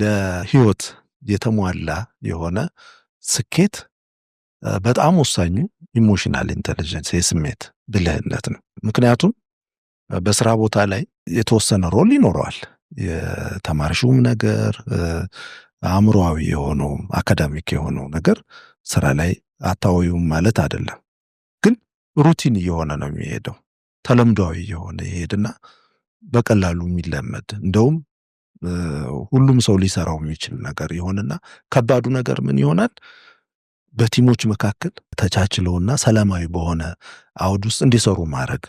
ለህይወት የተሟላ የሆነ ስኬት በጣም ወሳኙ ኢሞሽናል ኢንቴሊጀንስ የስሜት ብልህነት ነው። ምክንያቱም በስራ ቦታ ላይ የተወሰነ ሮል ይኖረዋል። የተማርሽውም ነገር አእምሯዊ የሆነው አካዳሚክ የሆነው ነገር ስራ ላይ አታወዩም ማለት አይደለም፣ ግን ሩቲን እየሆነ ነው የሚሄደው ተለምዷዊ የሆነ ይሄድና በቀላሉ የሚለመድ እንደውም ሁሉም ሰው ሊሰራው የሚችል ነገር ይሆንና ከባዱ ነገር ምን ይሆናል? በቲሞች መካከል ተቻችለውና ሰላማዊ በሆነ አውድ ውስጥ እንዲሰሩ ማድረግ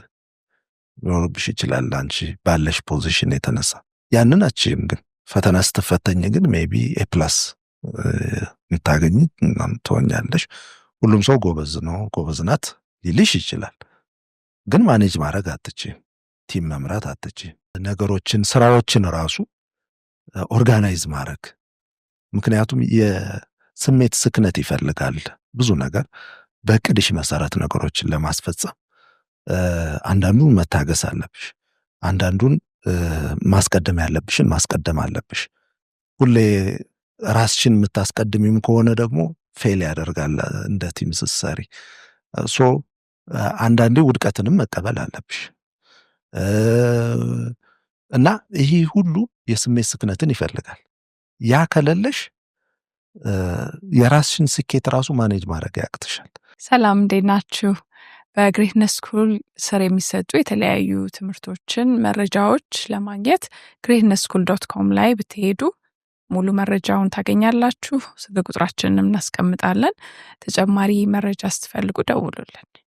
ሊኖርብሽ ይችላል። አንቺ ባለሽ ፖዚሽን የተነሳ ያንን አችም ግን ፈተና ስትፈተኝ ግን ሜቢ ኤፕላስ ልታገኝ ትሆኛለሽ። ሁሉም ሰው ጎበዝ ነው ጎበዝ ናት ሊልሽ ይችላል። ግን ማኔጅ ማድረግ አትችም። ቲም መምራት አትችም። ነገሮችን ስራዎችን ራሱ ኦርጋናይዝ ማድረግ ምክንያቱም የስሜት ስክነት ይፈልጋል ብዙ ነገር በቅድሽ መሰረት ነገሮችን ለማስፈጸም አንዳንዱን መታገስ አለብሽ አንዳንዱን ማስቀደም ያለብሽን ማስቀደም አለብሽ ሁሌ ራስሽን የምታስቀድሚም ከሆነ ደግሞ ፌል ያደርጋል እንደ ቲም ስትሰሪ ሶ አንዳንዴ ውድቀትንም መቀበል አለብሽ እና ይህ ሁሉ የስሜት ስክነትን ይፈልጋል። ያ ከሌለሽ የራስሽን ስኬት ራሱ ማኔጅ ማድረግ ያቅትሻል። ሰላም እንዴት ናችሁ? በግሬትነስ ስኩል ስር የሚሰጡ የተለያዩ ትምህርቶችን መረጃዎች ለማግኘት ግሬትነስ ስኩል ዶት ኮም ላይ ብትሄዱ ሙሉ መረጃውን ታገኛላችሁ። ስልክ ቁጥራችንን እናስቀምጣለን። ተጨማሪ መረጃ ስትፈልጉ ደውሉልን።